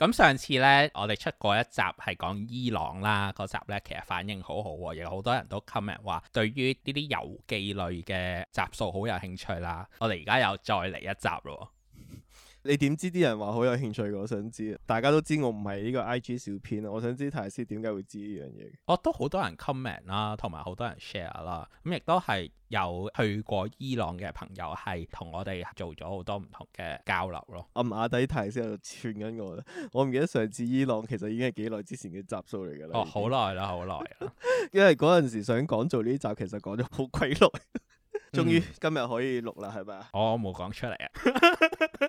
咁上次呢，我哋出過一集係講伊朗啦，嗰集呢，其實反應好好、啊、喎，亦有好多人都 comment 話對於呢啲遊記類嘅集數好有興趣啦。我哋而家又再嚟一集咯。你點知啲人話好有興趣，我想知，大家都知我唔係呢個 IG 小編啊。我想知泰師點解會知呢樣嘢？我、哦、都好多人 comment 啦、啊，同埋好多人 share 啦、啊。咁、嗯、亦都係有去過伊朗嘅朋友係同我哋做咗好多唔同嘅交流咯、啊。暗啞底泰師喺度串緊我，我唔記得上次伊朗其實已經係幾耐之前嘅集數嚟㗎啦。哦，好耐啦，好耐啦。 因為嗰陣時想講做呢集，其實講咗好鬼耐。終於今日可以錄啦，係咪啊？我冇講出嚟啊！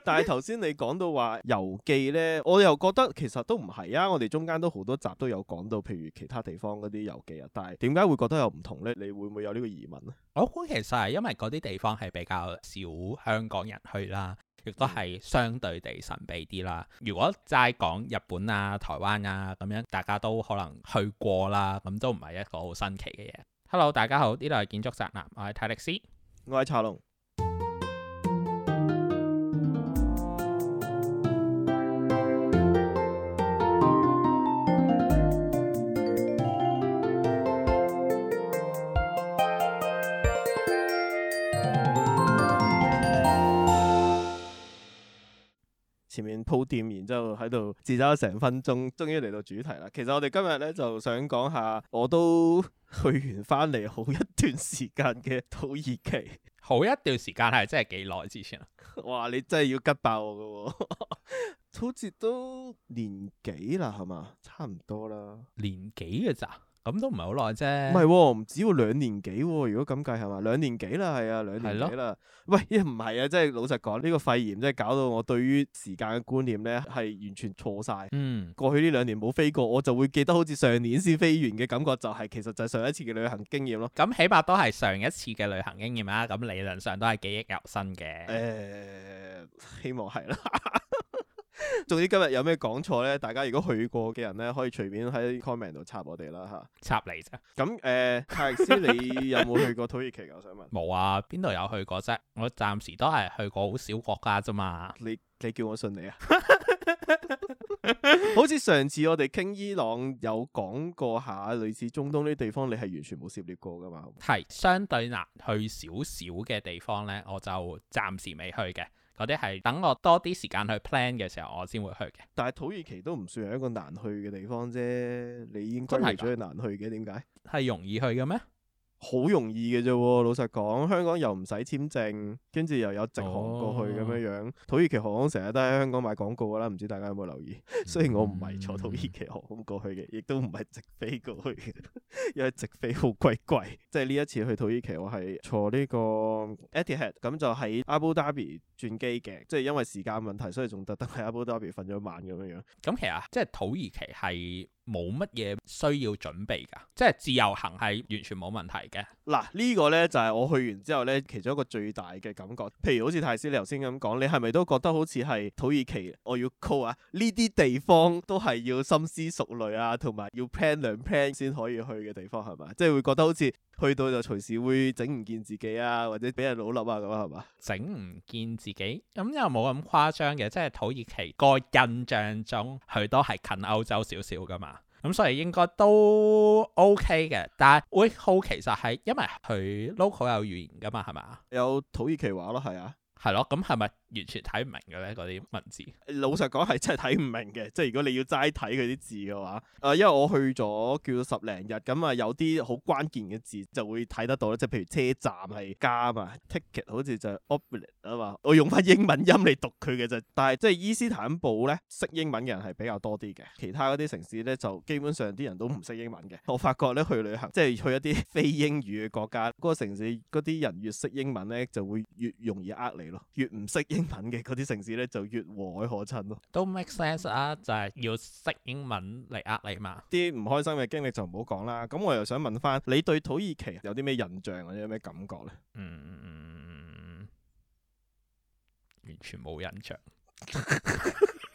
但係頭先你講到話遊記呢，我又覺得其實都唔係啊。我哋中間都好多集都有講到，譬如其他地方嗰啲遊記啊。但係點解會覺得有唔同呢？你會唔會有呢個疑問咧？我覺、哦、其實係因為嗰啲地方係比較少香港人去啦，亦都係相對地神秘啲啦。如果齋講日本啊、台灣啊咁樣，大家都可能去過啦，咁都唔係一個好新奇嘅嘢。Hello，大家好，呢度係建築宅男，我係泰力斯。我係茶龍，前面鋪墊，然之後喺度自修成分鐘，終於嚟到主題啦。其實我哋今日呢就想講下，我都。去完翻嚟好一段時間嘅土耳其， 好一段時間係真係幾耐之前啊！哇，你真係要拮爆我㗎、啊， 好似都年幾啦，係嘛？差唔多啦，年幾嘅咋？咁都唔係好耐啫，唔係、哦，唔止要兩年幾、哦，如果咁計係嘛，兩年幾啦，係啊，兩年幾啦，是咯 喂，唔係啊，即係老實講，呢、這個肺炎真係搞到我對於時間嘅觀念咧係完全錯晒。嗯，過去呢兩年冇飛過，我就會記得好似上年先飛完嘅感覺、就是，就係其實就係上一次嘅旅行經驗咯。咁、嗯、起碼都係上一次嘅旅行經驗啦、啊，咁理論上都係記憶猶新嘅。誒、呃，希望係啦。 總之今日有咩講錯咧？大家如果去過嘅人咧，可以隨便喺 comment 度插我哋啦吓。插你啫。咁誒，泰歷斯， 你有冇去過土耳其？我想問。冇啊，邊度有去過啫？我暫時都係去過好少國家咋嘛。你你叫我信你啊？ 好似上次我哋傾伊朗有講過下，類似中東呢啲地方，你係完全冇涉獵過噶嘛？係相對難去少少嘅地方咧，我就暫時未去嘅。嗰啲係等我多啲時間去 plan 嘅時候，我先會去嘅。但係土耳其都唔算係一個難去嘅地方啫，你應該係最難去嘅，點解？係容易去嘅咩？好容易嘅啫喎，老實講，香港又唔使簽證，跟住又有直航過去咁樣樣。哦、土耳其航空成日都喺香港買廣告噶啦，唔知大家有冇留意？雖然我唔係坐土耳其航空過去嘅，嗯、亦都唔係直飛過去嘅，因為直飛好貴貴。即係呢一次去土耳其，我係坐呢個 Etihad，e 咁就喺阿布達比轉機嘅，即係因為時間問題，所以仲特登喺阿布達比瞓咗一晚咁樣樣。咁其實即係、即係、土耳其係。冇乜嘢需要準備㗎，即係自由行係完全冇問題嘅。嗱呢個咧就係、是、我去完之後咧，其中一個最大嘅感覺。譬如好似泰斯你頭先咁講，你係咪都覺得好似係土耳其，我要 call 啊？呢啲地方都係要深思熟慮啊，同埋要 plan 兩 plan 先可以去嘅地方係咪？即係會覺得好似。去到就隨時會整唔見自己啊，或者俾人老笠啊咁啊，係嘛？整唔見自己咁又冇咁誇張嘅，即係土耳其個印象中佢都係近歐洲少少噶嘛，咁所以應該都 OK 嘅。但會好其實係因為佢 local 有語言噶嘛，係嘛？有土耳其話咯，係啊。係咯，咁係咪完全睇唔明嘅咧？嗰啲文字，老實講係真係睇唔明嘅。即係如果你要齋睇佢啲字嘅話，誒、呃，因為我去咗叫十零日，咁啊有啲好關鍵嘅字就會睇得到啦。即係譬如車站係加啊，ticket 好似就 operate 啊嘛。我用翻英文音嚟讀佢嘅啫。但係即係伊斯坦堡咧，識英文嘅人係比較多啲嘅。其他嗰啲城市咧，就基本上啲人都唔識英文嘅。我發覺咧去旅行，即係去一啲非英語嘅國家，嗰、嗰個城市嗰啲人越識英文咧，就會越容易呃你。越唔識英文嘅嗰啲城市呢，就越和藹可親咯。都 make sense 啊，就係、是、要識英文嚟呃你嘛。啲唔開心嘅經歷就唔好講啦。咁我又想問翻你對土耳其有啲咩印象或者有咩感覺呢嗯？嗯，完全冇印象。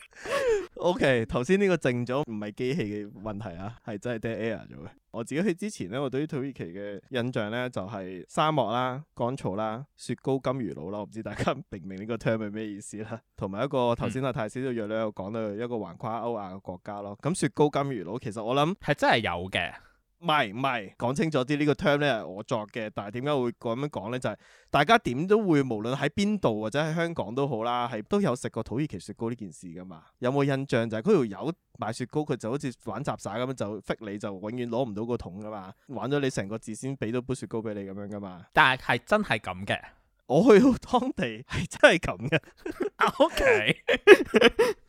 OK，頭先呢個靜咗，唔係機器嘅問題啊，係真係 dead air 咗嘅。我自己去之前咧，我對於土耳其嘅印象咧就係、是、沙漠啦、乾草啦、雪糕金魚佬啦，我唔知大家明唔明呢個 term 係咩意思啦？同埋一個頭先阿太少少約略又講到一個橫跨歐亞嘅國家咯。咁雪糕金魚佬其實我諗係真係有嘅。唔係唔係，講清楚啲呢個 term 咧係我作嘅，但係點解會咁樣講咧？就係、是、大家點都會，無論喺邊度或者喺香港都好啦，係都有食過土耳其雪糕呢件事噶嘛？有冇印象就係嗰條友賣雪糕，佢就好似玩雜耍咁樣就甩你，就永遠攞唔到個桶噶嘛，玩咗你成個字先俾到杯雪糕俾你咁樣噶嘛？但係係真係咁嘅。我去到當地係真係咁嘅，OK，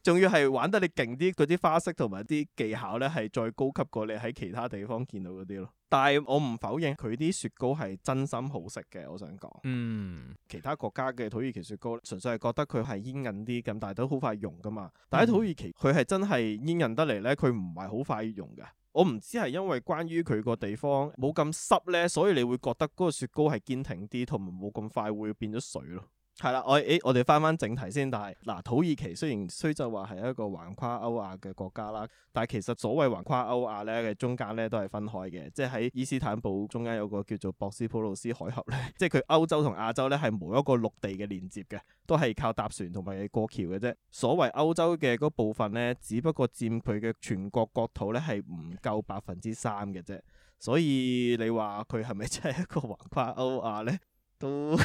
仲 要係玩得你勁啲，嗰啲花式同埋啲技巧咧係再高級過你喺其他地方見到嗰啲咯。但係我唔否認佢啲雪糕係真心好食嘅，我想講。嗯，其他國家嘅土耳其雪糕，純粹係覺得佢係煙韌啲咁，但係都好快溶噶嘛。但係土耳其佢係真係煙韌得嚟咧，佢唔係好快溶㗎。我唔知係因為關於佢個地方冇咁濕咧，所以你會覺得嗰個雪糕係堅挺啲，同埋冇咁快會變咗水咯。係啦、哎，我誒，我哋返返正題先。但係嗱、啊，土耳其雖然雖則話係一個橫跨歐亞嘅國家啦，但係其實所謂橫跨歐亞咧嘅中間咧都係分開嘅。即係喺伊斯坦堡中間有個叫做博斯普魯斯海峽咧，即係佢歐洲同亞洲咧係冇一個陸地嘅連接嘅，都係靠搭船同埋過橋嘅啫。所謂歐洲嘅嗰部分咧，只不過佔佢嘅全國國土咧係唔夠百分之三嘅啫。所以你話佢係咪真係一個橫跨歐亞咧？都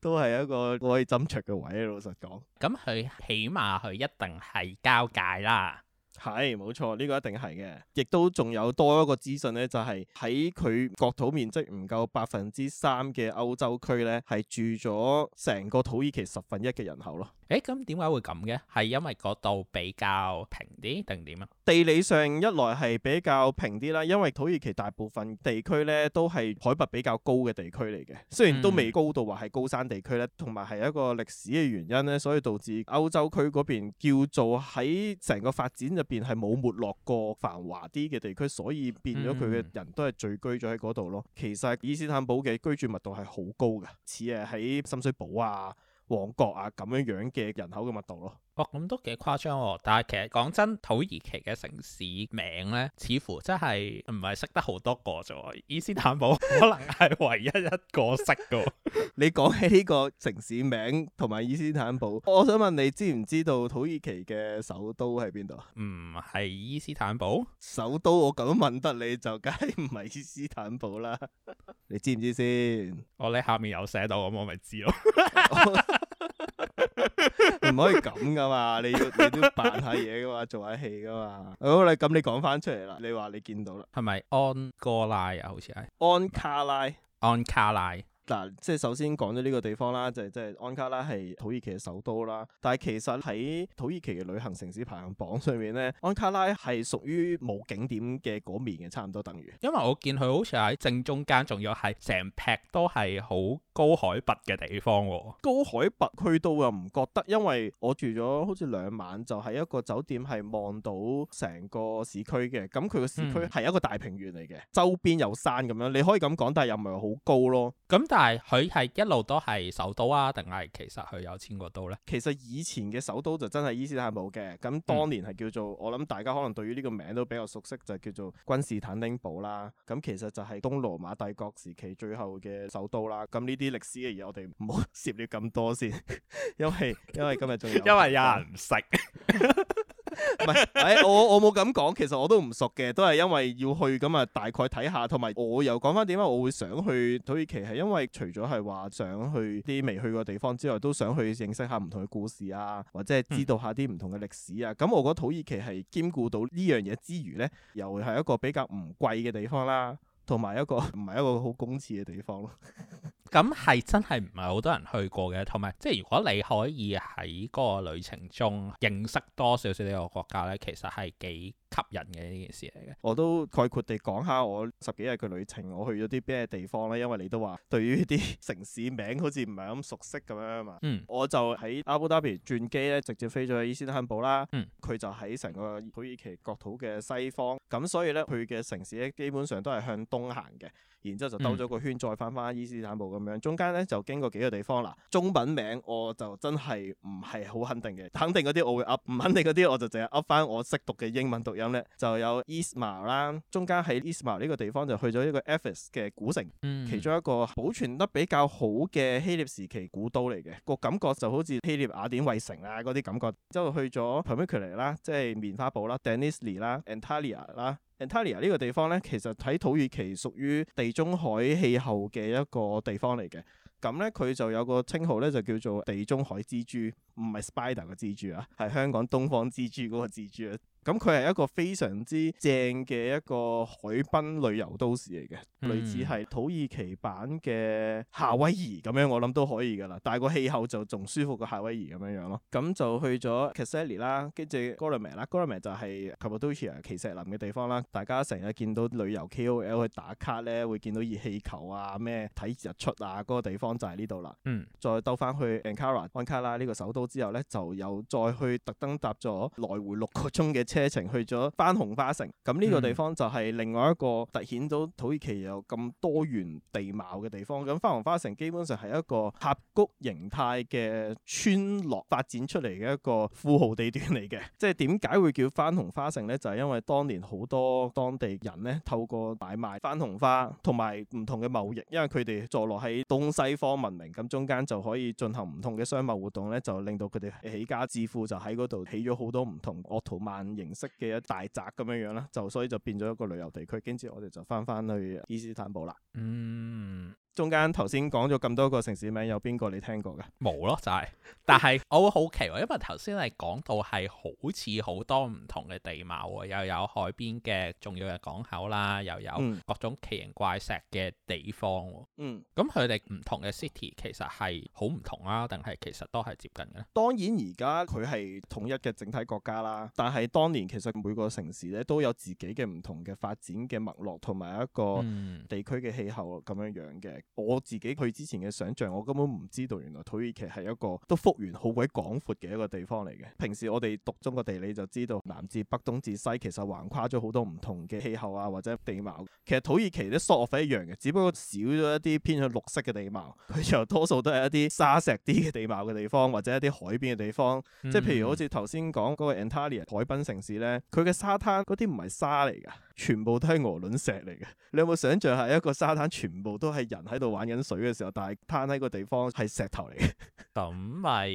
都係一個可以斟酌嘅位，老實講，咁佢起碼佢一定係交界啦。係冇錯，呢個一定係嘅，亦都仲有多一個資訊呢就係喺佢國土面積唔夠百分之三嘅歐洲區呢係住咗成個土耳其十分一嘅人口咯。誒，咁點解會咁嘅？係因為嗰度比較平啲定點啊？地理上一來係比較平啲啦，因為土耳其大部分地區呢都係海拔比較高嘅地區嚟嘅，雖然都未高到話係高山地區呢，同埋係一個歷史嘅原因呢，所以導致歐洲區嗰邊叫做喺成個發展邊係冇沒落過繁華啲嘅地區，所以變咗佢嘅人都係聚居咗喺嗰度咯。其實伊斯坦堡嘅居住密度係好高嘅，似誒喺深水埗啊、旺角啊咁樣樣嘅人口嘅密度咯。哦，咁都幾誇張喎，哦！但係其實講真，土耳其嘅城市名呢，似乎真係唔係識得好多個。啫喎。伊斯坦堡可能係唯一一個識嘅。 你講起呢個城市名同埋伊斯坦堡，我想問你知唔知道土耳其嘅首都喺邊度啊？唔係、嗯、伊斯坦堡？首都我咁問得你就梗係唔係伊斯坦堡啦？你知唔知先？我喺、哦、下面有寫到咁，我咪知咯。 唔 可以咁噶嘛，你要你都扮下嘢噶嘛，做下戲噶嘛。好啦，你咁你講翻出嚟啦，你話你見到啦，係咪安哥拉啊？好似係安卡拉，安卡拉。嗱，即係首先講咗呢個地方啦，就係即係安卡拉係土耳其嘅首都啦。但係其實喺土耳其嘅旅行城市排行榜上面咧，安卡拉係屬於冇景點嘅嗰面嘅，差唔多等於。因為我見佢好似喺正中間，仲有係成劈都係好高海拔嘅地方喎。高海拔去到又唔覺得，因為我住咗好似兩晚，就喺一個酒店係望到成個市區嘅。咁佢個市區係一個大平原嚟嘅，嗯、周邊有山咁樣，你可以咁講，但係又唔係好高咯。咁但但係佢係一路都係首都啊，定係其實佢有遷過都呢？其實以前嘅首都就真係伊斯坦堡嘅，咁當年係叫做、嗯、我諗大家可能對於呢個名都比較熟悉，就是、叫做君士坦丁堡啦。咁其實就係東羅馬帝國時期最後嘅首都啦。咁呢啲歷史嘅嘢我哋唔好涉獵咁多先，因為， 因為，因為今日仲 因為有人唔識。唔係，誒、 哎，我我冇咁講，其實我都唔熟嘅，都係因為要去咁啊，大概睇下，同埋我又講翻點解。我會想去土耳其係因為除咗係話想去啲未去過地方之外，都想去認識下唔同嘅故事啊，或者係知道下啲唔同嘅歷史啊。咁、嗯、我覺得土耳其係兼顧到呢樣嘢之餘呢，又係一個比較唔貴嘅地方啦，同埋一個唔係一個好公廁嘅地方咯。 咁係真係唔係好多人去過嘅，同埋即係如果你可以喺嗰個旅程中認識多少少呢個國家咧，其實係幾吸引嘅呢件事嚟嘅。我都概括地講下我十幾日嘅旅程，我去咗啲咩地方咧？因為你都話對於啲城市名好似唔係咁熟悉咁樣啊嘛。嗯。我就喺阿布達比轉機咧，直接飛咗去伊斯坦堡啦。嗯。佢就喺成個土耳其國土嘅西方，咁所以咧佢嘅城市咧基本上都係向東行嘅。然之後就兜咗個圈，再翻翻伊斯坦堡咁樣，中間咧就經過幾個地方。嗱，中文名我就真係唔係好肯定嘅，肯定嗰啲我會噏，唔肯定嗰啲我就淨係噏翻我識讀嘅英文讀音咧。 就有 Ismar、e、啦，中間喺 Ismar、e、呢個地方就去咗一個 Ephes 嘅古城， 其中一個保存得比較好嘅希臘時期古都嚟嘅，這個感覺就好似希臘雅典衛城啊嗰啲感覺。之後去咗 Pamukkale 啦，即係棉花堡啦 Denizli 啦，Antalya 啦。安塔利亞呢個地方咧，其實喺土耳其屬於地中海氣候嘅一個地方嚟嘅。咁咧，佢就有個稱號咧，就叫做地中海之珠，唔係 spider 嘅蜘蛛啊，係香港東方之珠嗰個之珠啊。咁佢係一個非常之正嘅一個海濱旅遊都市嚟嘅，mm hmm. 類似係土耳其版嘅夏威夷咁樣，我諗都可以噶啦。但係個氣候就仲舒服過夏威夷咁樣樣咯。咁就去咗 Kayseri 啦，跟住 Göreme 啦 Göreme 就係 Cappadocia 奇石林嘅地方啦。大家成日見到旅遊 KOL 去打卡咧，會見到熱氣球啊、咩睇日出啊嗰、那個地方就係呢度啦。嗯、mm，hmm. 再兜翻去 Ankara 安卡拉呢個首都之後咧，就又再去特登搭咗來回六個鐘嘅車。車程去咗番紅花城，咁呢個地方就係另外一個突顯到土耳其有咁多元地貌嘅地方。咁番紅花城基本上係一個峽谷形態嘅村落發展出嚟嘅一個富豪地段嚟嘅。即係點解會叫番紅花城呢？就係因為當年好多當地人呢透過買賣番紅花同埋唔同嘅貿易，因為佢哋坐落喺東西方文明咁中間，就可以進行唔同嘅商貿活動呢就令到佢哋起家致富，就喺嗰度起咗好多唔同鄂圖曼色嘅一大宅咁樣樣啦，就所以就變咗一個旅遊地區，跟住我哋就翻翻去伊斯坦堡啦。嗯。中間頭先講咗咁多個城市名，有邊個你聽過嘅？冇咯，就係。但係我會好奇，因為頭先係講到係好似好多唔同嘅地貌，又有海邊嘅重要嘅港口啦，又有各種奇形怪石嘅地方。嗯。咁佢哋唔同嘅 city 其實係好唔同啊，定係其實都係接近嘅咧？當然而家佢係統一嘅整體國家啦，但係當年其實每個城市咧都有自己嘅唔同嘅發展嘅脈絡同埋一個地區嘅氣候咁樣樣嘅。我自己去之前嘅想象，我根本唔知道原來土耳其係一個都幅員好鬼廣闊嘅一個地方嚟嘅。平時我哋讀中國地理就知道南至北，東至西，其實橫跨咗好多唔同嘅氣候啊，或者地貌。其實土耳其都索然非一樣嘅，只不過少咗一啲偏向綠色嘅地貌，佢又多數都係一啲沙石啲嘅地貌嘅地方，或者一啲海邊嘅地方。嗯、即係譬如好似頭先講嗰個 Antalya 海濱城市咧，佢嘅沙灘嗰啲唔係沙嚟㗎。全部都係鵝卵石嚟嘅，你有冇想象一下一個沙灘全部都係人喺度玩緊水嘅時候，但係攤喺個地方係石頭嚟嘅，咁咪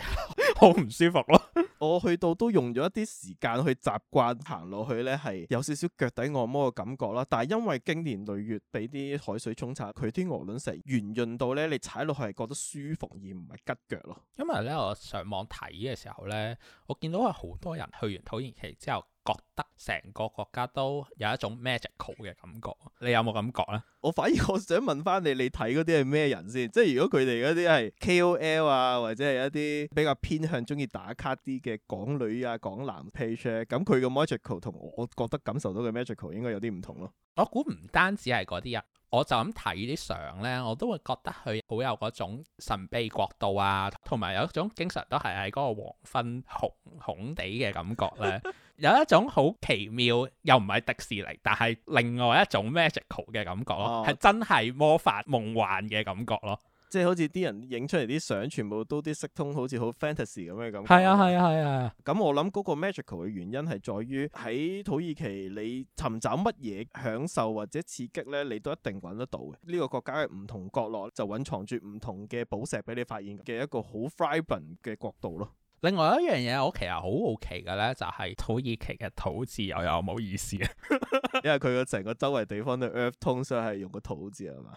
是 好唔舒服咯？ 我去到都用咗一啲時間去習慣行落去咧，係有少少腳底按摩嘅感覺啦。但係因為經年累月俾啲海水沖刷，佢啲鵝卵石圓潤到咧，你踩落去係覺得舒服而唔係拮腳咯。因為咧，我上網睇嘅時候咧，我見到係好多人去完土耳其之後。覺得成個國家都有一種 magical 嘅感覺，你有冇感覺呢？我反而我想問翻你，你睇嗰啲係咩人先？即係如果佢哋嗰啲係 KOL 啊，或者係一啲比較偏向中意打卡啲嘅港女啊、港男 page 咁、啊、佢嘅 magical 同我覺得感受到嘅 magical 應該有啲唔同咯。我估唔單止係嗰啲人，我就咁睇啲相呢，我都會覺得佢好有嗰種神秘角度啊，同埋有，有一種經常都係喺嗰個黃昏紅紅地嘅感覺咧。 有一種好奇妙又唔係迪士尼，但係另外一種 magical 嘅感覺咯，係、啊、真係魔法夢幻嘅感覺咯，即係好似啲人影出嚟啲相，全部都啲色通，好似好 fantasy 咁嘅感覺。係啊係啊係啊！咁、啊啊、我諗嗰個 magical 嘅原因係在於喺土耳其，你尋找乜嘢享受或者刺激咧，你都一定揾得到嘅。呢、呢個國家嘅唔同角落就隱藏住唔同嘅寶石俾你發現嘅一個好 vibrant 嘅角度咯。另外一樣嘢，我其實好好奇嘅咧，就係土耳其嘅土字又有唔好意思啊， 因為佢個成個周圍地方都 earth 通常係用個土字啊嘛。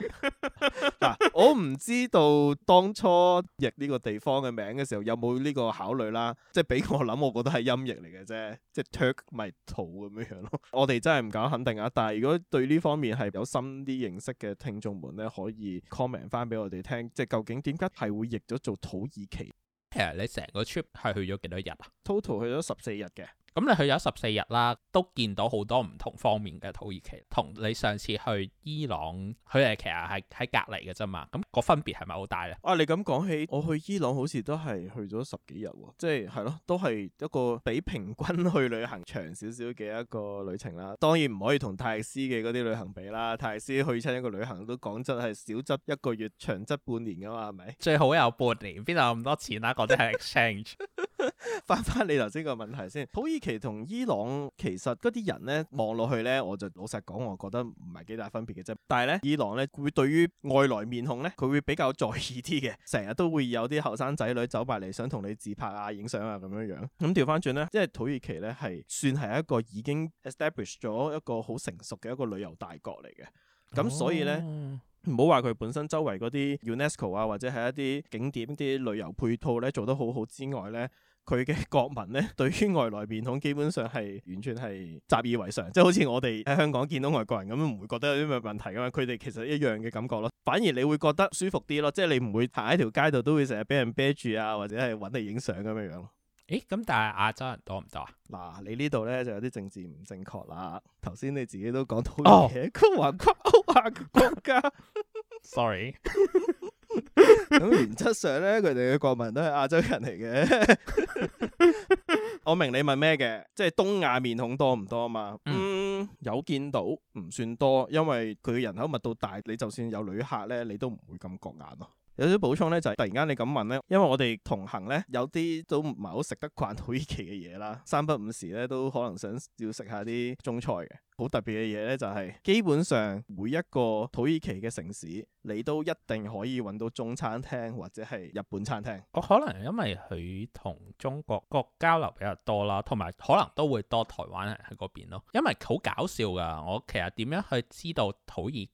嗱， 我唔知道當初譯呢個地方嘅名嘅時候有冇呢個考慮啦，即係俾我諗，我覺得係音譯嚟嘅啫，即係 Turk 咪土咁樣樣咯。我哋真係唔敢肯定啊。但係如果對呢方面係有深啲認識嘅聽眾們咧，可以 comment 翻俾我哋聽，即係究竟點解係會譯咗做土耳其？其實你成個 trip 係去咗幾多日啊？Total 去咗十四日嘅。咁你去咗十四日啦，都見到好多唔同方面嘅土耳其，同你上次去伊朗，佢哋其實係喺隔離嘅啫嘛。咁個分別係咪好大咧？啊，你咁講起，我去伊朗好似都係去咗十幾日，啊，即係係咯，都係一個比平均去旅行長少少嘅一個旅程啦。當然唔可以同泰斯嘅嗰啲旅行比啦。泰斯去親一個旅行都講真係少則一個月，長則半年噶嘛，係咪？最好有半年，邊有咁多錢啊？嗰啲係 exchange。翻翻 你頭先個問題先，土耳其。其同伊朗其實嗰啲人咧望落去咧，我就老實講，我覺得唔係幾大分別嘅啫。但係咧，伊朗咧會對於外來面孔咧，佢會比較在意啲嘅，成日都會有啲後生仔女走埋嚟，想同你自拍啊、影相啊咁樣樣。咁調返轉咧，即係土耳其咧係算係一個已經 establish 咗一個好成熟嘅一個旅遊大國嚟嘅。咁、嗯、所以咧，唔好話佢本身周圍嗰啲 UNESCO 啊，或者係一啲景點啲旅遊配套咧做得好好之外咧。佢嘅國民咧，對於外來面孔基本上係完全係習以為常，即係好似我哋喺香港見到外國人咁，唔會覺得有啲咩問題噶嘛。佢哋其實一樣嘅感覺咯，反而你會覺得舒服啲咯，即係你唔會行喺條街度都會成日俾人啤住啊，或者係揾你影相咁樣樣。誒，咁但係亞洲人多唔多啊？嗱，你呢度咧就有啲政治唔正確啦。頭先你自己都講到嘢，高、哦、環跨歐亞嘅國家。 Sorry。 咁 原則上咧，佢哋嘅國民都係亞洲人嚟嘅。 我明你問咩嘅，即係東亞面孔多唔多啊？嘛，嗯，有見到，唔算多，因為佢人口密度大，你就算有旅客咧，你都唔會咁覺眼咯。有少少補充咧，就係突然間你咁問咧，因為我哋同行咧，有啲都唔係好食得慣土耳其嘅嘢啦，三不五時咧都可能想要食下啲中菜嘅。好特別嘅嘢咧，就係基本上每一個土耳其嘅城市，你都一定可以揾到中餐廳或者係日本餐廳。我可能因為佢同中國國交流比較多啦，同埋可能都會多台灣人喺嗰邊咯。因為好搞笑㗎，我其實點樣去知道土耳其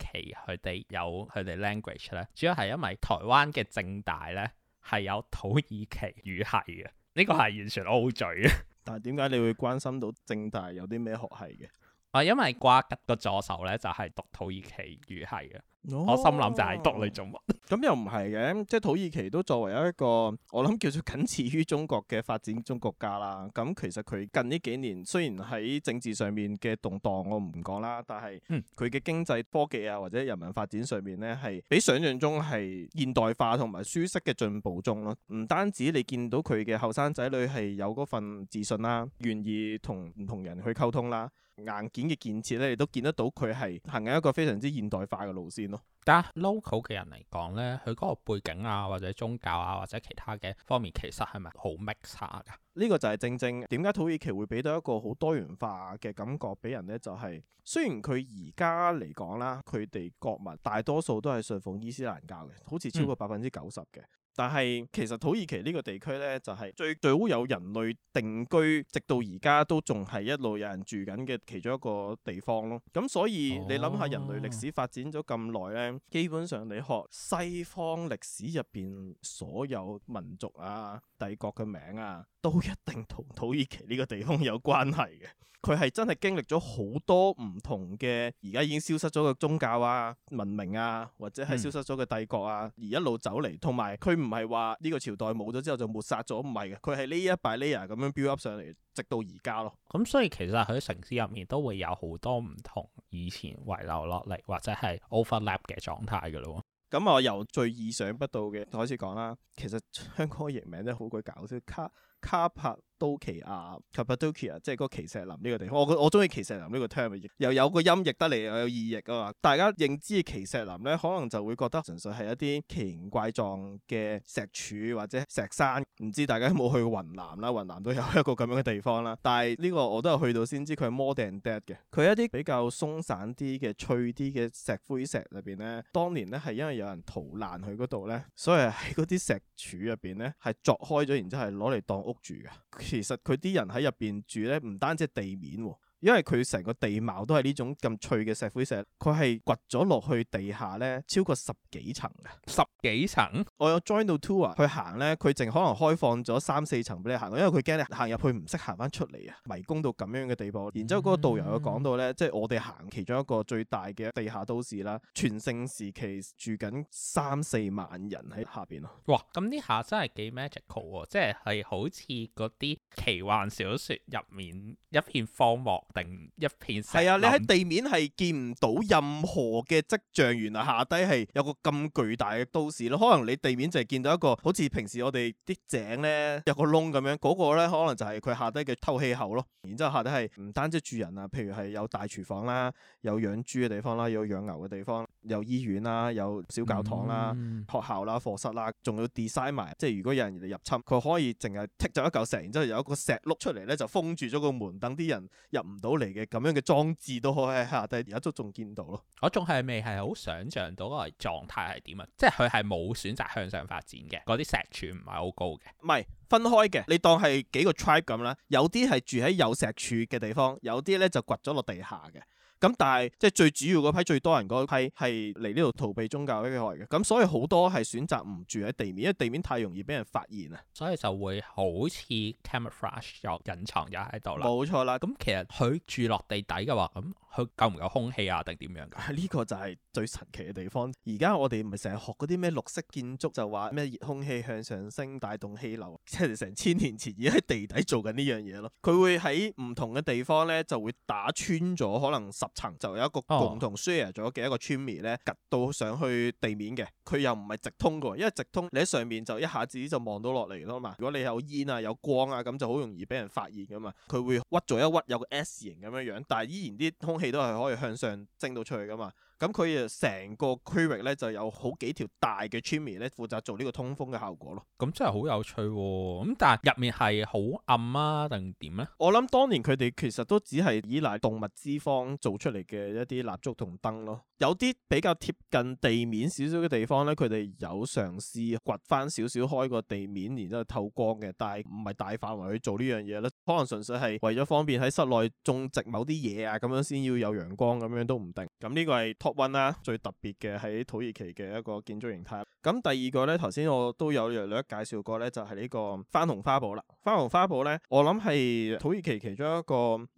佢哋有佢哋 language 咧？主要係因為台灣。灣嘅政大咧係有土耳其語系嘅，呢個係完全 O 嘴啊！但係點解你會關心到政大有啲咩學系嘅？ 啊，因為瓜吉個助手咧就係、是、讀土耳其語系嘅，哦、我心諗就係讀你做乜？咁又唔係嘅，即係土耳其都作為一個我諗叫做僅次於中國嘅發展中國家啦。咁其實佢近呢幾年雖然喺政治上面嘅動盪我唔講啦，但係佢嘅經濟、科技啊，或者人民發展上面呢，係比想像中係現代化同埋舒適嘅進步中咯。唔單止你見到佢嘅後生仔女係有嗰份自信啦，願意同唔同人去溝通啦，硬件嘅建設呢，亦都見得到佢係行緊一個非常之現代化嘅路線咯。但係 local 嘅人嚟講咧，佢嗰個背景啊，或者宗教啊，或者其他嘅方面，其實係咪好 mix 啊？噶呢個就係正正點解土耳其會俾到一個好多元化嘅感覺俾人咧？就係雖然佢而家嚟講啦，佢哋國民大多數都係信奉伊斯蘭教嘅，好似超過百分之九十嘅。嗯但係其實土耳其呢個地區呢，就係、係、最早有人類定居，直到而家都仲係一路有人住緊嘅其中一個地方咯。咁所以、哦、你諗下，人類歷史發展咗咁耐呢，基本上你學西方歷史入邊所有民族啊、帝國嘅名啊。都一定同土耳其呢個地方有關係嘅，佢係真係經歷咗好多唔同嘅而家已經消失咗嘅宗教啊、文明啊，或者係消失咗嘅帝國啊，而一路走嚟，同埋佢唔係話呢個朝代冇咗之後就抹殺咗，唔係嘅，佢係 layer by layer 咁樣 build up 上嚟，直到而家咯。咁所以其實喺城市入面都會有好多唔同以前遺留落嚟或者係 overlap 嘅狀態嘅咯。咁我由最意想不到嘅開始講啦，其實香港嘅譯名真係好鬼搞笑，卡。卡帕。都奇亞，卡巴多奇亞，即係嗰個奇石林呢個地方，我我中意奇石林呢個 term，又有個音譯得嚟，又有意譯啊嘛。大家認知奇石林咧，可能就會覺得純粹係一啲奇形怪狀嘅石柱或者石山。唔知大家有冇去過雲南啦？雲南都有一個咁樣嘅地方啦。但係呢個我都有去到先知佢係 more than that 嘅，佢一啲比較鬆散啲嘅脆啲嘅石灰石裏邊咧，當年咧係因為有人逃難去嗰度咧，所以喺嗰啲石柱入邊咧係鑿開咗，然之後係攞嚟當屋住嘅。其實佢啲人喺入邊住咧，唔單止係地面喎。因為佢成個地貌都係呢種咁脆嘅石灰石，佢係掘咗落去地下咧，超過十幾層嘅。十幾層，幾層我有 join 到 tour 去行咧，佢淨可能開放咗三四層俾你行，因為佢驚你行入去唔識行翻出嚟啊，迷宮到咁樣嘅地步。然之後嗰個導遊又講到咧，嗯、即係我哋行其中一個最大嘅地下都市啦，全盛時期住緊三四萬人喺下邊咯。哇！咁呢下真係幾 magical 喎，即係係好似嗰啲奇幻小説入面一片荒漠。定一片石，係啊！你喺地面係見唔到任何嘅跡象，原來下低係有個咁巨大嘅都市咯。可能你地面就係見到一個好似平時我哋啲井呢，有個窿咁樣，嗰、嗰個呢可能就係佢下低嘅透氣口咯。然之後下底係唔單止住人啊，譬如係有大廚房啦，有養豬嘅地方啦，有養牛嘅地方，有醫院啦，有小教堂啦，嗯、學校啦，課室啦，仲要 design 埋。即係如果有人入侵，佢可以淨係剔走一嚿石，然之後有一個石碌出嚟呢，就封住咗個門，等啲人入唔。是是到嚟嘅咁樣嘅裝置都可以喺下底，而家都仲見到咯。我仲係未係好想象到嗰個狀態係點啊！即係佢係冇選擇向上發展嘅，嗰啲石柱唔係好高嘅，唔係分開嘅。你當係幾個 tribe 咁啦，有啲係住喺有石柱嘅地方，有啲咧就掘咗落地下嘅。咁但係，即係最主要嗰批，最多人嗰批係嚟呢度逃避宗教迫害嘅，咁所以好多係選擇唔住喺地面，因為地面太容易俾人發現啊，所以就會好似 camouflage 咗隱藏咗喺度啦。冇錯啦，咁、嗯、其實佢住落地底嘅話咁，佢夠唔夠空氣啊？定點樣㗎？呢、啊呢個就係最神奇嘅地方。而家我哋唔係成日學嗰啲咩綠色建築，就話咩熱空氣向上升帶動氣流，即係成千年前已經喺地底做緊呢樣嘢咯。佢會喺唔同嘅地方咧，就會打穿咗可能十層，就有一個共同 share 咗嘅一個 tunnel 咧，趷到上去地面嘅。佢又唔係直通㗎，因為直通你喺上面就一下子就望到落嚟咯嘛。如果你有煙啊、有光啊咁，就好容易俾人發現㗎嘛。佢會屈咗一屈，有個 S 型咁樣樣，但係依然啲空氣。氣都係可以向上蒸到出去噶嘛。咁佢誒成個區域咧，就有好幾條大嘅 chimney 咧，負責做呢個通風嘅效果咯。咁真係好有趣喎，哦！咁但係入面係好暗啊，定點呢？我諗當年佢哋其實都只係依賴動物脂肪做出嚟嘅一啲蠟燭同燈咯。有啲比較貼近地面少少嘅地方咧，佢哋有嘗試掘翻少少開個地面，然之後透光嘅。但係唔係大範圍去做呢樣嘢咧，可能純粹係為咗方便喺室內種植某啲嘢啊，咁樣先要有陽光，咁樣都唔定。咁呢個係。云啊，最特別嘅喺土耳其嘅一個建築形態。咁第二個呢，頭先我都有略略介紹過呢，就係呢個番紅花堡啦。番紅花堡呢，我諗係土耳其其中一個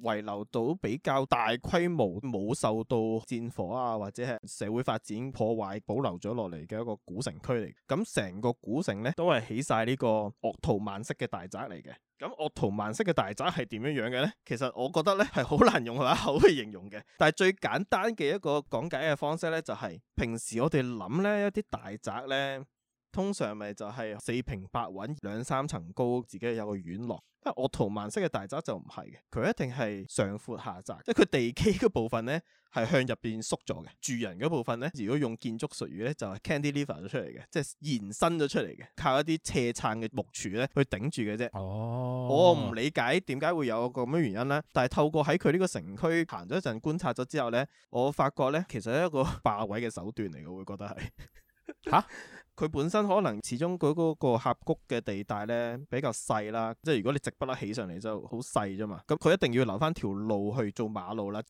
遺留到比較大規模、冇受到戰火啊或者係社會發展破壞保留咗落嚟嘅一個古城區嚟。咁成個古城呢，都係起晒呢個鄂圖曼式嘅大宅嚟嘅。咁鄂圖曼式嘅大宅係點樣樣嘅呢？其實我覺得呢係好難用把口去形容嘅，但係最簡單嘅一個講解嘅方式呢，就是，就係平時我哋諗呢一啲大宅呢。通常咪就係四平八穩，兩三層高，自己有個院落。但係鄂、呃、圖曼式嘅大宅就唔係嘅，佢一定係上闊下窄，即係佢地基嗰部分咧係向入邊縮咗嘅。住人嗰部分咧，如果用建築術語咧，就係、是、cantilever 咗出嚟嘅，即係延伸咗出嚟嘅，靠一啲斜撐嘅木柱咧去頂住嘅啫。哦，我唔理解點解會有個咁嘅原因咧。但係透過喺佢呢個城區行咗一陣觀察咗之後咧，我發覺咧其實係一個霸位嘅手段嚟嘅，我會覺得係嚇。 啊佢本身可能始終佢嗰個峽谷嘅地帶咧比較細啦，即係如果你直不甩起上嚟就好細啫嘛。咁佢一定要留翻條路去做馬路啦。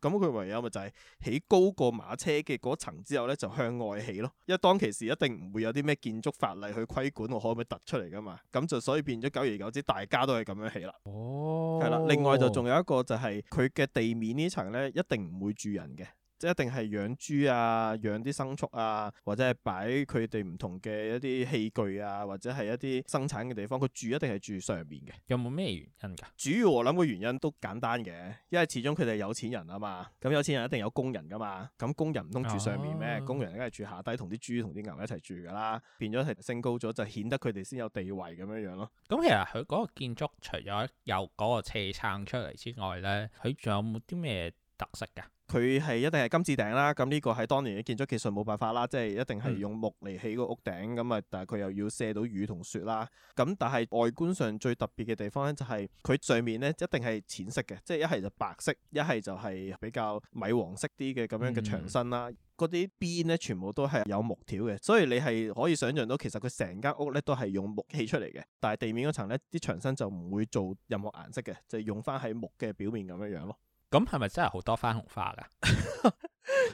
咁佢、嗯、唯有咪就係、是、起高過馬車嘅嗰層之後咧，就向外起咯。因為當其時一定唔會有啲咩建築法例去規管我可唔可以突出嚟噶嘛。咁就所以變咗久而久之大家都係咁樣起啦。哦。係啦，另外就仲有一個就係佢嘅地面層呢層咧，一定唔會住人嘅。即一定係養豬啊、養啲牲畜啊，或者係擺佢哋唔同嘅一啲器具啊，或者係一啲生產嘅地方。佢住一定係住上面嘅。有冇咩原因㗎？主要我諗個原因都簡單嘅，因為始終佢哋係有錢人啊嘛。咁有錢人一定有工人㗎嘛。咁工人唔通住上面咩？啊、工人梗係住下低，同啲豬同啲牛一齊住㗎啦。變咗係升高咗，就顯得佢哋先有地位咁樣樣咯。咁其實佢嗰個建築除咗有嗰個斜撐出嚟之外咧，佢仲有冇啲咩？特色噶，佢係一定係金字頂啦。咁呢個喺當年嘅建築技術冇辦法啦，即係一定係用木嚟起個屋頂咁啊。嗯、但係佢又要卸到雨同雪啦。咁但係外觀上最特別嘅地方咧，就係佢上面咧一定係淺色嘅，即係一係就白色，一係就係比較米黃色啲嘅咁樣嘅牆身啦。嗰啲邊咧全部都係有木條嘅，所以你係可以想象到其實佢成間屋咧都係用木砌出嚟嘅。但係地面嗰層咧啲牆身就唔會做任何顏色嘅，就是、用翻喺木嘅表面咁樣樣咯。咁係咪真係好多番紅花噶？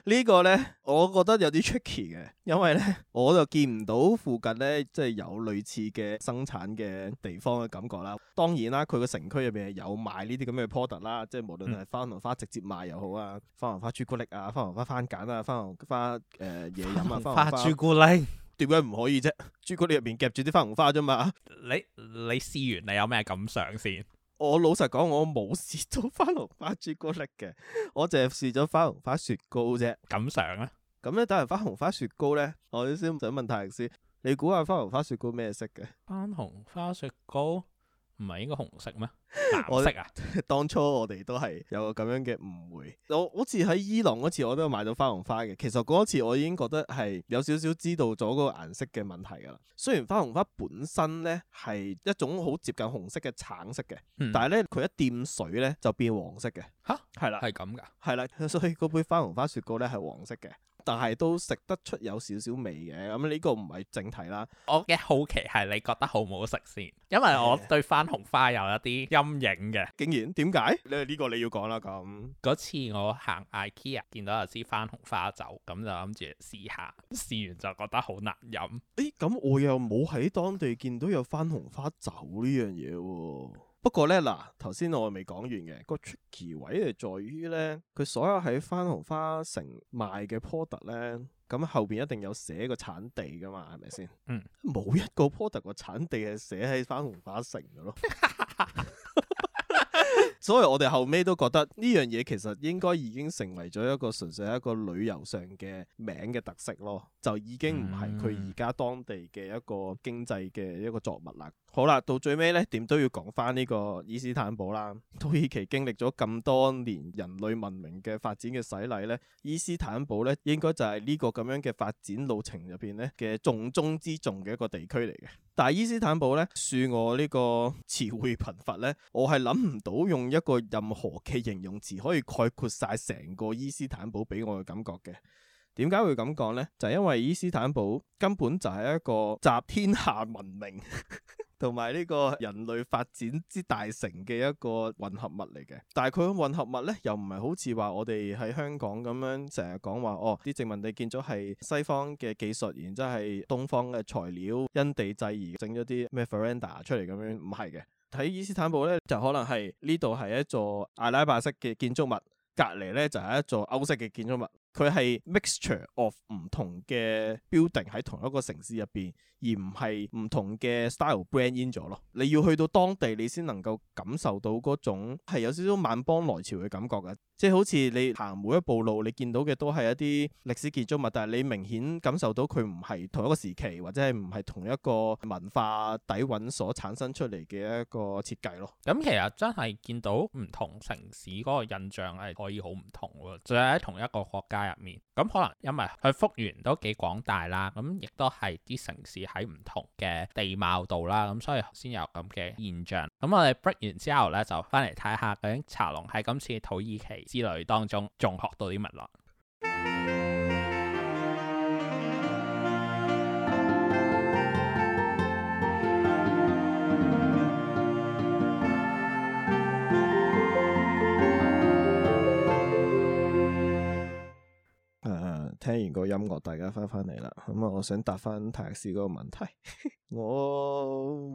呢個咧，我覺得有啲 tricky 嘅，因為咧，我就見唔到附近咧，即係有類似嘅生產嘅地方嘅感覺啦。當然啦，佢個城區入邊有賣呢啲咁嘅 product 啦，即係無論係番紅花直接賣又好啊，番紅花朱古力啊，番紅花番梘啊，番紅花誒嘢飲啊，番紅花朱古力點解唔可以啫？朱古力入邊夾住啲番紅花啫嘛？你你試完你有咩感想先？我老實講，我冇試到番紅花朱古力嘅，我淨係試咗番紅花雪糕啫。咁上啦，咁咧等完番紅花雪糕咧，我哋先唔想問泰迪先，你估下番紅花雪糕咩色嘅？番紅花雪糕。唔係應該紅色咩？藍色啊！ 當初我哋都係有咁樣嘅誤會。我好似喺伊朗嗰次，我都買到花紅花嘅。其實嗰次我已經覺得係有少少知道咗嗰個顏色嘅問題噶啦。雖然花紅花本身咧係一種好接近紅色嘅橙色嘅，但係咧佢一掂水咧就變黃色嘅、嗯啊。吓，係啦，係咁噶，係啦，所以嗰杯花紅花雪糕咧係黃色嘅。但係都食得出有少少味嘅。咁、這、呢個唔係正題啦。我嘅好奇係你覺得好唔好食先？因為我對番紅花有一啲陰影嘅、嗯。竟然？點解？你、這、呢個你要講啦。咁嗰次我行 IKEA 見到有支番紅花酒，咁、嗯、就諗住試下。試完就覺得好難飲。誒，咁我又冇喺當地見到有番紅花酒呢樣嘢喎。不過咧，嗱，頭先我未講完嘅 個 tricky 位就在於咧，佢所有喺番紅花城賣嘅 product 咧，咁後邊一定有寫個產地噶嘛，係咪先？嗯，冇一個 product 個產地係寫喺番紅花城嘅咯。 所以我哋後尾都覺得呢樣嘢其實應該已經成為咗一個純粹係一個旅遊上嘅名嘅特色咯，就已經唔係佢而家當地嘅一個經濟嘅一個作物啦。好啦，到最尾呢，點都要講翻呢個伊斯坦堡啦。土耳其經歷咗咁多年人類文明嘅發展嘅洗禮呢，伊斯坦堡呢應該就係呢個咁樣嘅發展路程入邊呢嘅重中之重嘅一個地區嚟嘅。但係伊斯坦堡咧，恕我個呢個詞彙貧乏咧，我係諗唔到用一個任何嘅形容詞可以概括晒成個伊斯坦堡俾我嘅感覺嘅。點解會咁講呢？就係因為伊斯坦堡根本就係一個集天下文明。 同埋呢個人類發展之大成嘅一個混合物嚟嘅，但係佢個混合物咧，又唔係好似話我哋喺香港咁樣成日講話，哦，啲殖民地建築係西方嘅技術，然之後係東方嘅材料，因地制宜整咗啲咩 veranda 出嚟咁樣，唔係嘅。睇伊斯坦布咧，就可能係呢度係一座阿拉伯式嘅建築物，隔離咧就係、是、一座歐式嘅建築物，佢係 mixture of 唔同嘅 building 喺同一個城市入邊。而唔係唔同嘅 style brand in 咗咯，你要去到當地，你先能夠感受到嗰種係有少少萬邦來朝嘅感覺嘅，即係好似你行每一步路，你見到嘅都係一啲歷史建築物，但係你明顯感受到佢唔係同一個時期或者係唔係同一個文化底蘊所產生出嚟嘅一個設計咯、嗯。咁其實真係見到唔同城市嗰個印象係可以好唔同嘅，就係喺同一個國家入面，咁、嗯、可能因為佢幅員都幾廣大啦，咁、嗯、亦都係啲城市，喺唔同嘅地貌度啦，咁所以先有咁嘅現象。咁我哋 break 完之後呢，就翻嚟睇下究竟茶農喺今次土耳其之旅當中仲學到啲乜咯。 聽完個音樂，大家翻返嚟啦。咁、嗯、啊，我想答翻泰斯嗰個問題。 我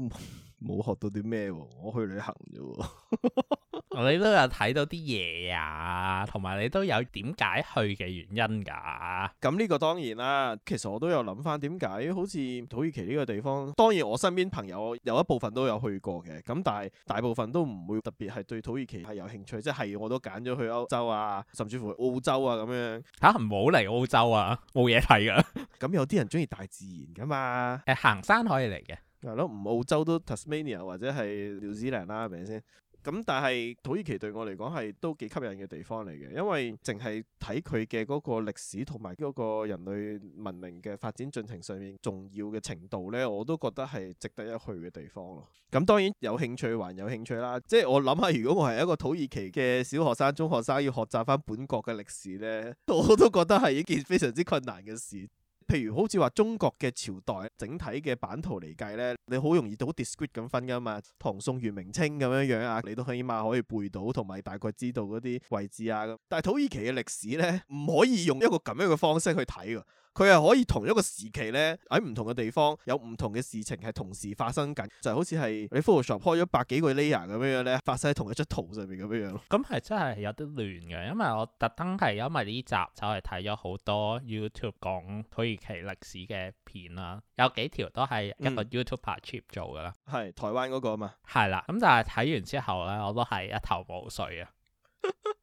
冇學到啲咩喎，我去旅行啫。 你都有睇到啲嘢啊，同埋你都有點解去嘅原因㗎、啊？咁呢個當然啦，其實我都有諗翻點解好似土耳其呢個地方，當然我身邊朋友有一部分都有去過嘅，咁但係大部分都唔會特別係對土耳其係有興趣，即、就、係、是、我都揀咗去歐洲啊，甚至乎澳洲啊咁樣。嚇，唔好嚟澳洲啊，冇嘢睇噶。咁、啊啊、 有啲人中意大自然噶嘛，行山可以嚟嘅。係咯，唔澳洲都 Tasmania 或者係 New Zealand 啦，明唔明先？咁但係土耳其對我嚟講係都幾吸引嘅地方嚟嘅，因為淨係睇佢嘅嗰個歷史同埋嗰個人類文明嘅發展進程上面重要嘅程度咧，我都覺得係值得一去嘅地方咯。咁當然有興趣，還有興趣啦。即係我諗下，如果我係一個土耳其嘅小學生、中學生要學習返本國嘅歷史咧，我都覺得係一件非常之困難嘅事。譬如好似話中國嘅朝代，整體嘅版圖嚟計咧，你好容易到 discrete 咁分噶嘛，唐宋元明清咁樣樣啊，你都起碼可以背到，同埋大概知道嗰啲位置啊。但係土耳其嘅歷史咧，唔可以用一個咁樣嘅方式去睇嘅。佢係可以同一個時期咧喺唔同嘅地方有唔同嘅事情係同時發生緊，就係、好似係你 Photoshop 開咗百幾個 layer 咁樣咧，發生喺同一張圖上面咁樣咯。咁係真係有啲亂嘅，因為我特登係因為呢集就係睇咗好多 YouTube 講土耳其歷史嘅片啦，有幾條都係一個 YouTuber、嗯、做噶啦。係台灣嗰個啊嘛。係啦，咁但係睇完之後咧，我都係一頭霧水啊。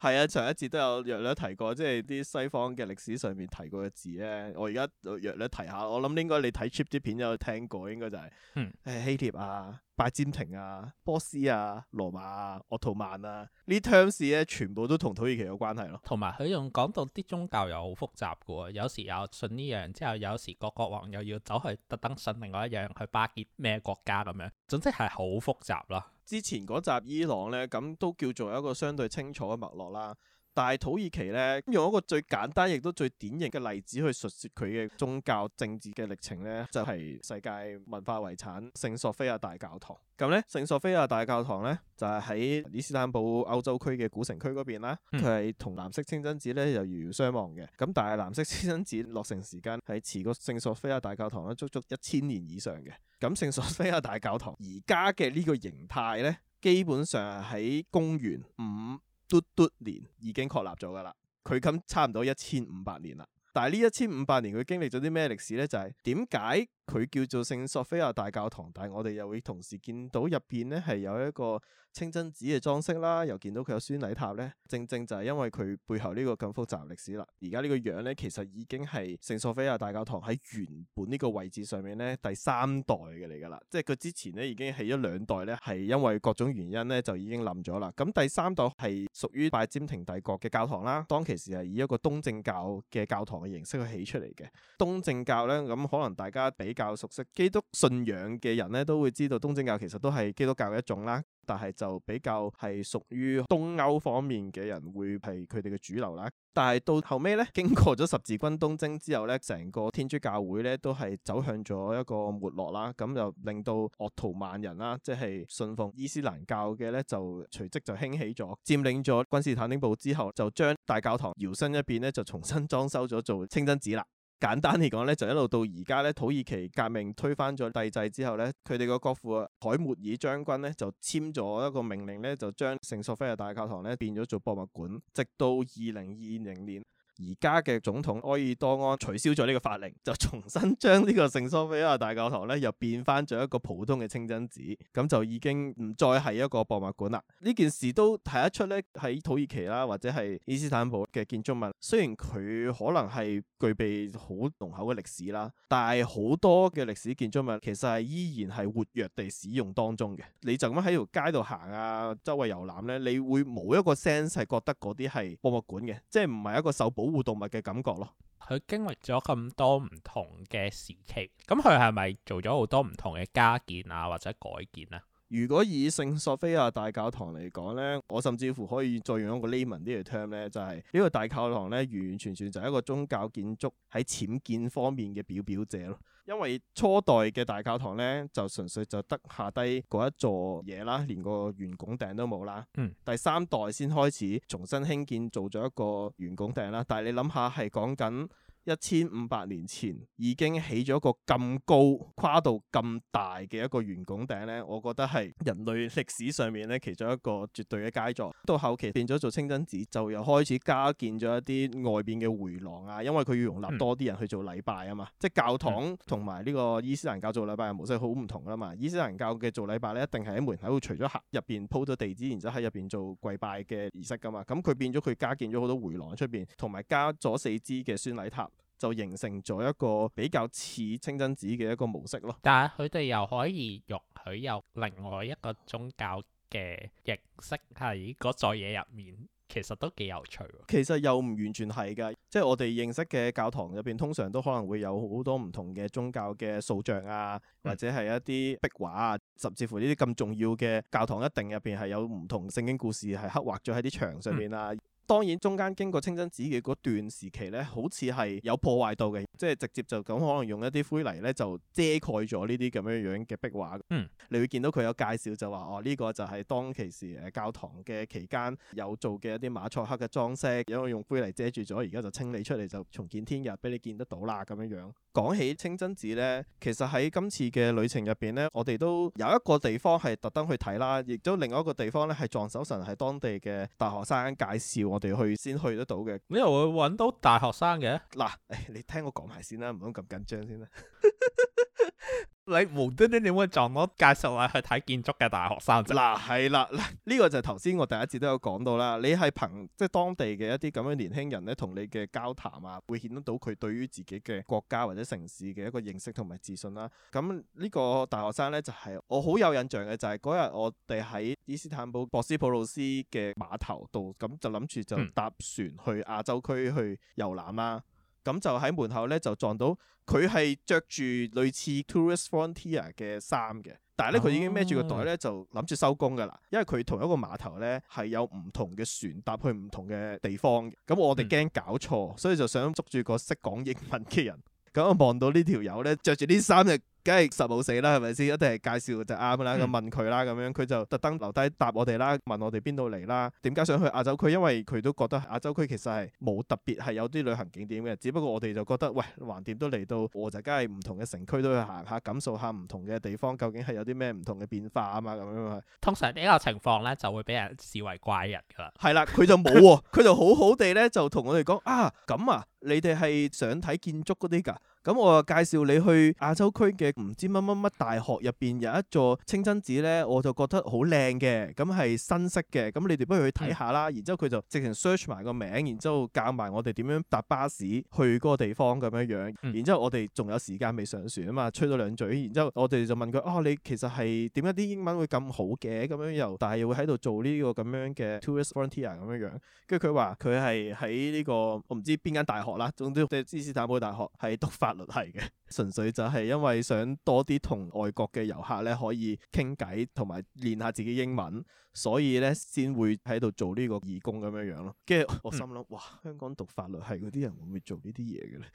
係 啊，上一節都有略略提過，即係啲西方嘅歷史上面提過嘅字咧。我而家略略提下，我諗應該你睇 c h e a p 啲片有聽過，應該就係、是，誒、嗯哎，希帖啊。拜占庭啊、波斯啊、羅馬啊、鄂圖曼啊，ter 呢啲 terms 咧，全部都同土耳其有關係咯。同埋佢仲講到啲宗教又好複雜嘅喎，有時有信呢樣之後，有時個國王又要走去特登信另外一樣去巴結咩國家咁樣，總之係好複雜咯。之前嗰集伊朗咧，咁都叫做一個相對清楚嘅脈絡啦。但係土耳其咧，用一個最簡單亦都最典型嘅例子去述說佢嘅宗教政治嘅歷程咧，就係、是、世界文化遺產聖索菲亞大教堂。咁咧，聖索菲亞大教堂咧就係喺伊斯坦堡歐洲區嘅古城區嗰邊啦。佢係同藍色清真寺咧又遙遙相望嘅。咁但係藍色清真寺落成時間係遲過聖索菲亞大教堂啦，足足一千年以上嘅。咁聖索菲亞大教堂而家嘅呢個形態咧，基本上係喺公元五嘟嘟年已經確立咗㗎啦，佢咁差唔多一千五百年啦，但係呢一千五百年佢經歷咗啲咩歷史咧？就係點解？佢叫做聖索菲亞大教堂，但係我哋又會同時見到入邊呢係有一個清真寺嘅裝飾啦，又見到佢有宣禮塔呢，正正就係因為佢背後呢個咁複雜歷史啦。而家呢個樣呢，其實已經係聖索菲亞大教堂喺原本呢個位置上面呢第三代嘅嚟㗎啦。即係佢之前呢已經起咗兩代呢，係因為各種原因呢就已經冧咗啦。咁第三代係屬於拜占庭帝國嘅教堂啦，當其時係以一個東正教嘅教堂嘅形式去起出嚟嘅。東正教呢，咁可能大家比較熟悉基督信仰嘅人咧，都會知道東正教其實都係基督教嘅一種啦。但係就比較係屬於東歐方面嘅人會係佢哋嘅主流啦。但係到後尾咧，經過咗十字軍東征之後咧，成個天主教會咧都係走向咗一個沒落啦。咁就令到鄂圖曼人啦，即係信奉伊斯蘭教嘅咧，就隨即就興起咗，佔領咗君士坦丁堡之後，就將大教堂搖身一變咧，就重新裝修咗做清真寺啦。簡單嚟講咧，就一路到而家咧，土耳其革命推翻咗帝制之後咧，佢哋個國父凱末爾將軍咧就簽咗一個命令咧，就將聖索菲亞大教堂咧變咗做博物館，直到二零二零年。而家嘅總統埃爾多安取消咗呢個法令，就重新將呢個聖索菲亞大教堂咧，又變翻咗一個普通嘅清真寺，咁就已經唔再係一個博物館啦。呢件事都睇得出咧，喺土耳其啦，或者係伊斯坦堡嘅建築物，雖然佢可能係具備好濃厚嘅歷史啦，但係好多嘅歷史建築物其實係依然係活躍地使用當中嘅。你就咁喺條街度行啊，周圍遊覽咧，你會冇一個 sense 係覺得嗰啲係博物館嘅，即係唔係一個受保。動物嘅感覺咯，佢經歷咗咁多唔同嘅時期，咁佢係咪做咗好多唔同嘅加建啊或者改建咧，啊？如果以聖索菲亞大教堂嚟講呢，我甚至乎可以再用一個 layman 啲嘅 term 呢就係、是，呢個大教堂呢，完完全全就係一個宗教建築喺僭建方面嘅表表者咯。因為初代嘅大教堂呢，就純粹就得下低嗰一座嘢啦，連個圓拱頂都冇啦。嗯，第三代先開始重新興建，做咗一個圓拱頂啦。但係你諗下，係講緊，一千五百年前已經起咗一個咁高、跨度咁大嘅一個圓拱頂呢我覺得係人類歷史上面咧其中一個絕對嘅佳作。到後期變咗做清真寺，就又開始加建咗一啲外邊嘅回廊啊，因為佢要容納多啲人去做禮拜啊嘛。即係教堂同埋呢個伊斯蘭教做禮拜嘅模式好唔同㗎嘛。伊斯蘭教嘅做禮拜咧，一定係喺門口除咗入邊鋪咗地毯，然之後喺入邊做跪拜嘅儀式噶嘛。咁佢變咗佢加建咗好多回廊出邊，同埋加咗四支嘅宣禮塔。就形成咗一個比較似清真寺嘅一個模式咯。但係佢哋又可以容許有另外一個宗教嘅認識喺嗰座嘢入面，其實都幾有趣喎。其實又唔完全係㗎，即係我哋認識嘅教堂入邊，通常都可能會有好多唔同嘅宗教嘅塑像啊，或者係一啲壁畫啊，甚至乎呢啲咁重要嘅教堂一定入邊係有唔同聖經故事係刻畫咗喺啲牆上面啊。嗯。當然，中間經過清真寺嘅嗰段時期咧，好似係有破壞到嘅，即係直接就咁可能用一啲灰泥咧就遮蓋咗呢啲咁樣樣嘅壁畫。嗯，你會見到佢有介紹就話哦，呢個就係當其時誒教堂嘅期間有做嘅一啲馬賽克嘅裝飾，因為用灰泥遮住咗，而家就清理出嚟就重見天日俾你見得到啦咁樣樣。講起清真寺咧，其實喺今次嘅旅程入邊咧，我哋都有一個地方係特登去睇啦，亦都另外一個地方咧係撞手神係當地嘅大學生介紹。我哋去先去得到嘅，你又會揾到大學生嘅？嗱，誒，你聽我講埋先啦，唔好咁緊張先啦。 你無端端點會撞我介紹係、啊、去睇建築嘅大學生嗱，係啦、啊，呢、啊這個就係頭先我第一節都有講到啦。你係憑即係當地嘅一啲咁嘅年輕人咧，同你嘅交談啊，會顯得到佢對於自己嘅國家或者城市嘅一個認識同埋自信啦、啊。咁呢個大學生咧，就係、是、我好有印象嘅、就是，就係嗰日我哋喺伊斯坦堡博斯普魯斯嘅碼頭度，咁就諗住就搭船去亞洲區去遊覽啦。嗯咁就喺門口咧，就撞到佢係着住類似 Tourist Frontier 嘅衫嘅，但係咧佢已經孭住個袋咧，就諗住收工噶啦。因為佢同一個碼頭咧，係有唔同嘅船搭去唔同嘅地方，咁我哋驚搞錯，嗯、所以就想捉住個識講英文嘅人。咁 我望到呢條友咧，着住呢衫就。梗係實冇死啦，係咪先？一定係介紹就啱啦。咁、嗯、問佢啦，咁樣佢就特登留低答我哋啦，問我哋邊度嚟啦，點解想去亞洲區？因為佢都覺得亞洲區其實係冇特別係有啲旅行景點嘅，只不過我哋就覺得喂，橫掂都嚟到，我就梗係唔同嘅城區都去行下，感受下唔同嘅地方，究竟係有啲咩唔同嘅變化啊嘛。咁樣通常呢個情況咧，就會俾人視為怪人噶啦。係啦，佢就冇喎、啊，佢 就好好地咧就同我哋講啊，咁啊，你哋係想睇建築嗰啲㗎？咁我介紹你去亞洲區嘅唔知乜乜乜大學入邊有一座清真寺咧，我就覺得好靚嘅，咁係新式嘅，咁你哋不如去睇下啦。嗯、然之後佢就直情 search 埋個名，然之後教埋我哋點樣搭巴士去個地方咁樣樣，然之後我哋仲有時間未上船啊嘛，吹咗兩嘴。然之後我哋就問佢：，啊、哦，你其實係點解啲英文會咁好嘅？咁樣又，但係又會喺度做呢個咁樣嘅 tourist volunteer 咁樣樣，跟住佢話佢係喺呢個我唔知邊間大學啦，總之即係伊斯坦堡大學。係讀法法律系嘅，純粹就係因為想多啲同外國嘅遊客咧可以傾偈，同埋練下自己英文，所以咧先會喺度做呢個義工咁樣樣咯。跟住我心諗，嗯、哇，香港讀法律系嗰啲人會唔會做呢啲嘢嘅咧？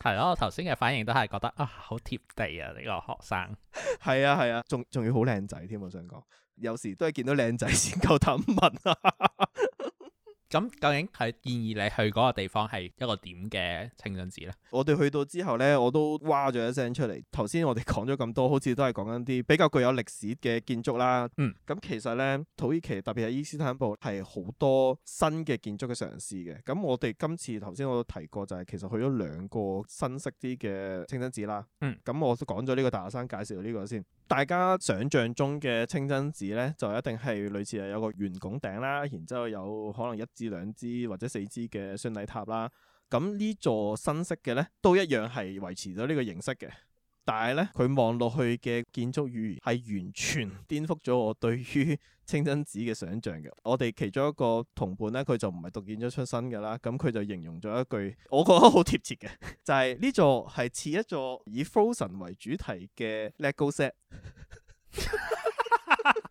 係咯， 我頭先嘅反應都係覺得啊，好貼地啊呢、呢個學生。係啊係啊，仲仲要好靚仔添我想講，有時都係見到靚仔先夠膽問啊。 咁究竟係建議你去嗰個地方係一個點嘅清真寺咧？我哋去到之後咧，我都哇咗一聲出嚟。頭先我哋講咗咁多，好似都係講緊啲比較具有歷史嘅建築啦。嗯，咁其實咧，土耳其特別係伊斯坦布，係好多新嘅建築嘅嘗試嘅。咁我哋今次頭先我都提過、就係，就係其實去咗兩個新式啲嘅清真寺啦。嗯，咁我都講咗呢個大學生介紹呢個先。大家想象中嘅清真寺咧，就一定係類似係有個圓拱頂啦，然之後有可能一至兩支或者四支嘅宣禮塔啦。咁呢座新式嘅咧，都一樣係維持咗呢個形式嘅。但係咧，佢望落去嘅建築語言係完全顛覆咗我對於清真寺嘅想像嘅。我哋其中一個同伴咧，佢就唔係讀建築出身㗎啦，咁佢就形容咗一句，我覺得好貼切嘅，就係呢座係似一座以 Frozen 為主題嘅 lego set。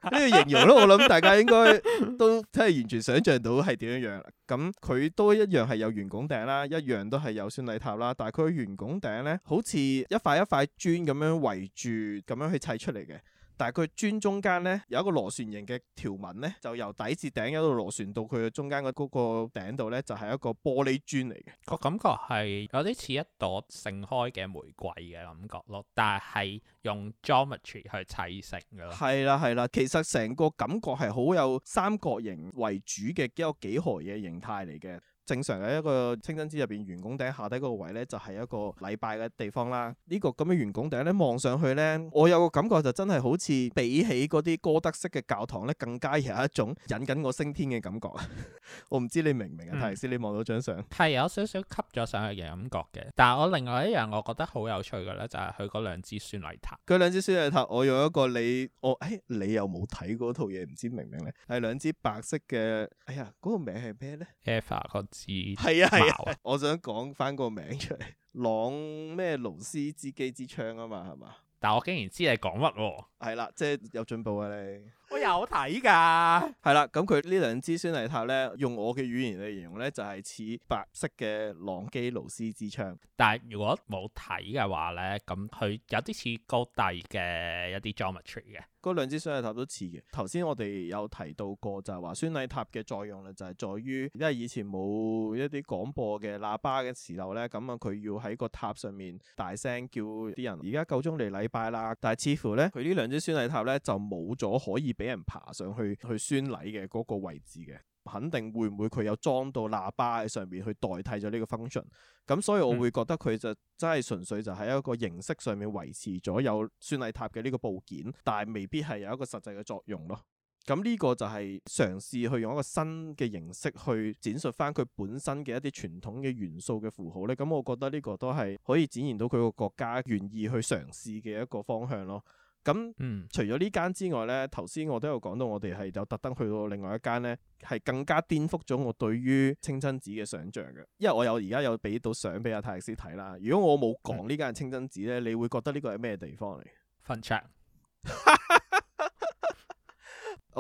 呢個形容咯，我諗大家應該都真係完全想象到係點樣樣啦。咁、嗯、佢都一樣係有圓拱頂啦，一樣都係有宣禮塔啦。但係佢個圓拱頂咧，好似一塊一塊磚咁樣圍住咁樣去砌出嚟嘅。但係佢磚中間咧，有一個螺旋形嘅條紋咧，就由底至頂一路螺旋到佢中間個嗰個頂度咧，就係、是、一個玻璃磚嚟嘅。個感覺係有啲似一朵盛開嘅玫瑰嘅感覺咯，但係用 geometry 去砌成㗎。係啦係啦，其實成個感覺係好有三角形為主嘅一個幾何嘅形態嚟嘅。正常嘅一個清真寺入邊，圓拱頂下底嗰個位咧，就係一個禮拜嘅地方啦。呢、這個咁嘅圓拱頂咧，望上去咧，我有個感覺就真係好似比起嗰啲歌德式嘅教堂咧，更加有一種引緊我升天嘅感覺。 我唔知你明唔明啊？頭先、嗯，你望到張相係有少少吸咗上去嘅感覺嘅。但係我另外一樣我覺得好有趣嘅咧，就係佢嗰兩支酸泥塔。佢兩支酸泥塔，我用一個你我，哎，你又冇睇嗰套嘢，唔知明唔明咧？係兩支白色嘅，哎呀，嗰、那個名係咩咧？Eva 係啊，係啊，我想講翻個名出嚟，朗咩羅斯之機之槍啊嘛，係嘛，但係我竟然知你講乜，係啦，即係有進步啊你，我有睇噶，係啦。咁佢呢兩支宣禮塔咧，用我嘅語言嚟形容咧，就係、是、似白色嘅朗基羅斯之槍。但係如果冇睇嘅話咧，咁佢有啲似高迪嘅一啲 geometry 嘅。嗰兩支宣禮塔都似嘅，頭先我哋有提到過，就係話宣禮塔嘅作用咧，就係在於，因為以前冇一啲廣播嘅喇叭嘅時候咧，咁啊佢要喺個塔上面大聲叫啲人。而家夠鐘嚟禮拜啦，但係似乎咧佢呢兩支宣禮塔咧就冇咗可以俾人爬上去去宣禮嘅嗰個位置嘅。肯定，會唔會佢有裝到喇叭喺上面去代替咗呢個 function？咁所以我會覺得佢就真係純粹就係一個形式上面維持咗有宣禮塔嘅呢個部件，但係未必係有一個實際嘅作用咯。咁呢個就係嘗試去用一個新嘅形式去展述翻佢本身嘅一啲傳統嘅元素嘅符號呢。咁我覺得呢個都係可以展現到佢個國家願意去嘗試嘅一個方向咯。咁，嗯、除咗呢間之外呢，頭先我都有講到，我哋係有特登去到另外一間呢，係更加顛覆咗我對於清真寺嘅想像嘅。因為我有而家有俾到相俾阿泰歷斯睇啦。如果我冇講呢間清真寺呢、嗯、你會覺得呢個係咩地方嚟？婚場。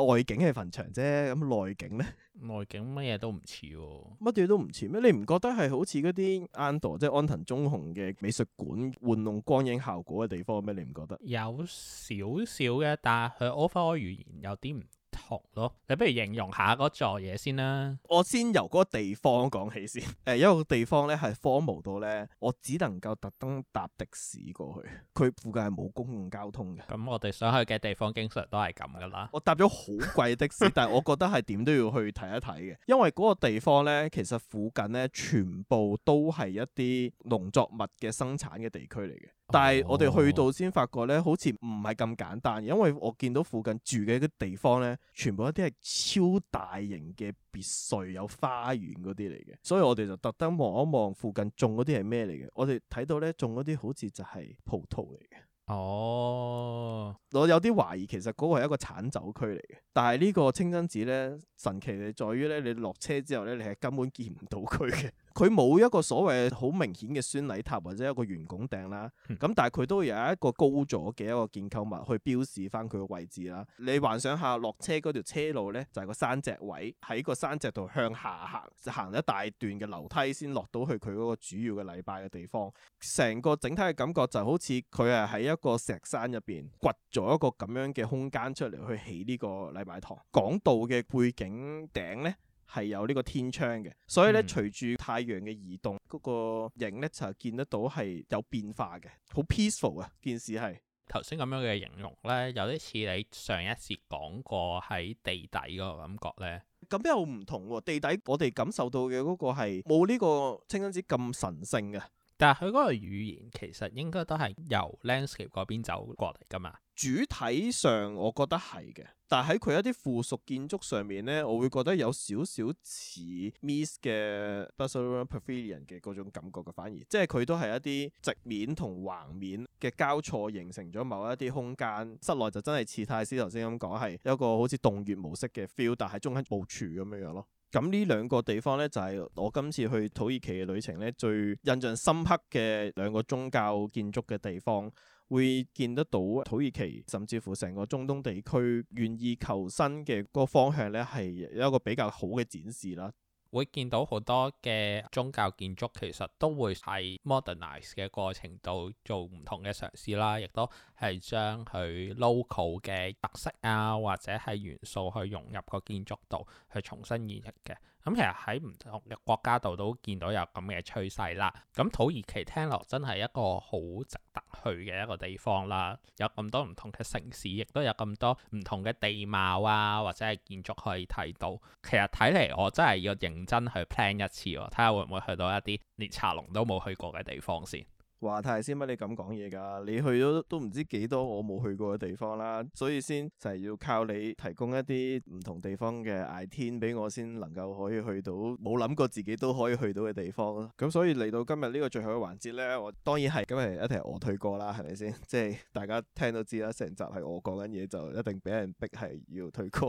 外景係墳場啫，咁內景咧？內景乜嘢都唔似喎，乜嘢都唔似咩？你唔覺得係好似嗰啲安 n 即係安藤忠雄嘅美術館玩弄光影效果嘅地方咩？你唔覺得？有少少嘅，但係我翻我語言有啲唔。同咯，你不如形容下嗰座嘢先啦。我先由嗰個地方講起先。誒、呃，一個地方咧係荒蕪到咧，我只能夠特登搭的士過去。佢附近係冇公共交通嘅。咁我哋想去嘅地方，經常都係咁噶啦。我搭咗好貴的士， 但係我覺得係點都要去睇一睇嘅，因為嗰個地方咧，其實附近咧全部都係一啲農作物嘅生產嘅地區嚟嘅。但係我哋去到先發覺咧，好似唔係咁簡單，因為我見到附近住嘅啲地方咧，全部一啲係超大型嘅別墅，有花園嗰啲嚟嘅。所以我哋就特登望一望附近種嗰啲係咩嚟嘅。我哋睇到咧種嗰啲好似就係葡萄嚟嘅。哦，我有啲懷疑其實嗰個係一個產酒區嚟嘅。但係呢個清真寺咧，神奇嘅在於咧，你落車之後咧，你係根本見唔到佢嘅。佢冇一個所謂好明顯嘅宣禮塔或者一個圓拱頂啦，咁、嗯、但係佢都有一個高咗嘅一個建築物去標示翻佢個位置啦。你幻想下落車嗰條車路呢，就係、是、個山脊位喺個山脊度向下行，行咗一大段嘅樓梯先落到去佢嗰個主要嘅禮拜嘅地方。成個整體嘅感覺就好似佢係喺一個石山入邊掘咗一個咁樣嘅空間出嚟去起呢個禮拜堂。港島嘅背景頂呢。係有呢個天窗嘅，所以咧、嗯、隨住太陽嘅移動，嗰、那個嗰個影咧就係見得到係有變化嘅，好 peaceful 啊，件事係頭先咁樣嘅形容咧，有啲似你上一次講過喺地底嗰個感覺咧。咁又唔同喎，地底我哋感受到嘅嗰個係冇呢個清真寺咁神聖嘅。但係佢嗰個語言其實應該都係由 landscape 嗰邊走過嚟噶嘛。主體上我覺得係嘅。但喺佢一啲附屬建築上面咧，我會覺得有少少似 Mies 嘅 Basilian Pavilion 嘅嗰種感覺嘅，反而即係佢都係一啲直面同橫面嘅交錯形成咗某一啲空間，室內就真係似泰斯頭先咁講，係有個好似洞穴模式嘅 feel，但係中間部署咁樣樣咯。咁呢兩個地方咧，就係、是、我今次去土耳其嘅旅程咧最印象深刻嘅兩個宗教建築嘅地方。會見得到土耳其甚至乎成個中東地區願意求新嘅個方向呢，係有一個比較好嘅展示啦。會見到好多嘅宗教建築，其實都會喺 modernize 嘅過程度做唔同嘅嘗試啦，亦都係將佢 local 嘅特色啊，或者係元素去融入個建築度去重新演繹嘅。咁其實喺唔同嘅國家度都見到有咁嘅趨勢啦。咁土耳其聽落真係一個好值得去嘅一個地方啦。有咁多唔同嘅城市，亦都有咁多唔同嘅地貌啊，或者係建築可以睇到。其實睇嚟我真係要認真去 plan 一次喎、啊，睇下會唔會去到一啲連茶龍都冇去過嘅地方先。話泰師，乜你咁講嘢㗎？你去咗都唔知幾多我冇去過嘅地方啦，所以先就係要靠你提供一啲唔同地方嘅 item 俾我先能夠可以去到冇諗過自己都可以去到嘅地方。咁所以嚟到今日呢個最後嘅環節呢，我當然係今日一定係我退歌啦，係咪先？ 即係大家聽到知啦，成集係我講緊嘢就一定俾人逼係要退歌。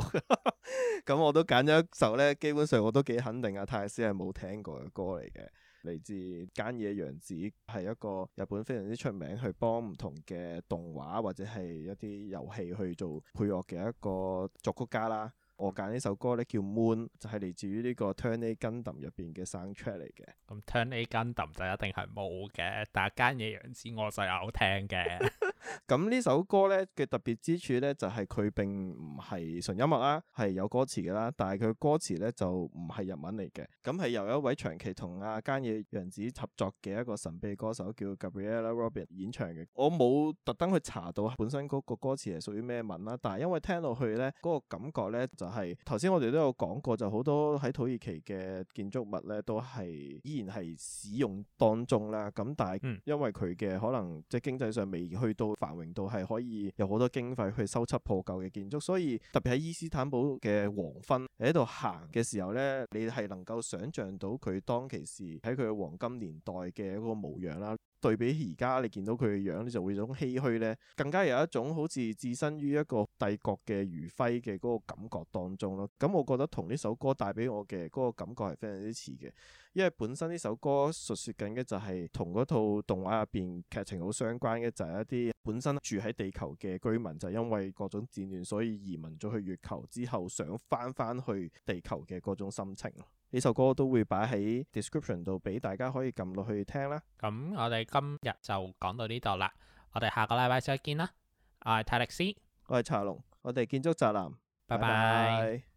咁我都揀咗一首呢，基本上我都幾肯定阿、啊、泰師係冇聽過嘅歌嚟嘅。嚟自菅野洋子，係一個日本非常之出名，去幫唔同嘅動畫或者係一啲遊戲去做配樂嘅一個作曲家啦。我揀呢首歌咧叫 Moon，就係嚟自於呢個 Turn A Gundam 入邊嘅 Soundtrack 嚟嘅。咁 Turn A Gundam 就一定係冇嘅，但係菅野洋子我就有聽嘅。咁呢 首歌咧嘅特別之處咧就係、是、佢並唔係純音樂啦，係有歌詞嘅啦。但係佢歌詞咧就唔係日文嚟嘅，咁係由一位長期同阿菅野洋子合作嘅一個神秘歌手叫 Gabriela Robin 演唱嘅。我冇特登去查到本身嗰個歌詞係屬於咩文啦，但係因為聽落去咧嗰、那個感覺咧就～係，頭先我哋都有講過，就好多喺土耳其嘅建築物咧，都係依然係使用當中啦。咁但係因為佢嘅可能即係經濟上未去到繁榮到係可以有好多經費去修葺破舊嘅建築，所以特別喺伊斯坦堡嘅黃昏喺度行嘅時候咧，你係能夠想象到佢當其時喺佢嘅黃金年代嘅一個模樣啦。對比而家你見到佢嘅樣，你就會有種唏噓咧，更加有一種好似置身於一個帝國嘅餘暉嘅嗰個感覺當中咯。咁我覺得同呢首歌帶俾我嘅嗰個感覺係非常之似嘅，因為本身呢首歌述説緊嘅就係同嗰套動畫入邊劇情好相關嘅，就係一啲本身住喺地球嘅居民就係、因為各種戰亂，所以移民咗去月球之後，想返返去地球嘅嗰種心情。呢首歌都會擺喺 description 度，俾大家可以撳落去聽啦。咁我哋今日就講到呢度啦，我哋下個禮拜再見啦。我係泰力斯，我係茶龍，我哋建築宅男，拜拜 bye。